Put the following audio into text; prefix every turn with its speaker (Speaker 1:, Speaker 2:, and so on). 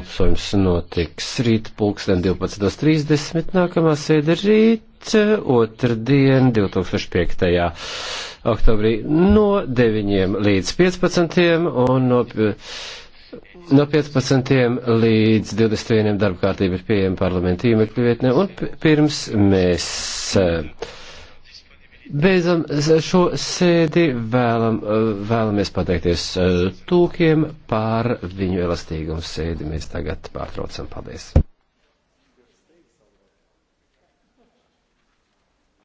Speaker 1: Balsojums notiks rīt pulksten 12.30, nākamā sēde rīt, eh, otrdien 2005. oktobrī no 9 līdz 15 un no, eh, no 15 līdz 21 darba kārtība ir pieejama parlamenta īmekļu vietnē un pirms mēs eh, Beidzam e, šo sēdi, vēlam, e, vēlamies pateikties e, tūkiem par viņu elastīgumu sēdi. Mēs tagad pārtraucam. Paldies!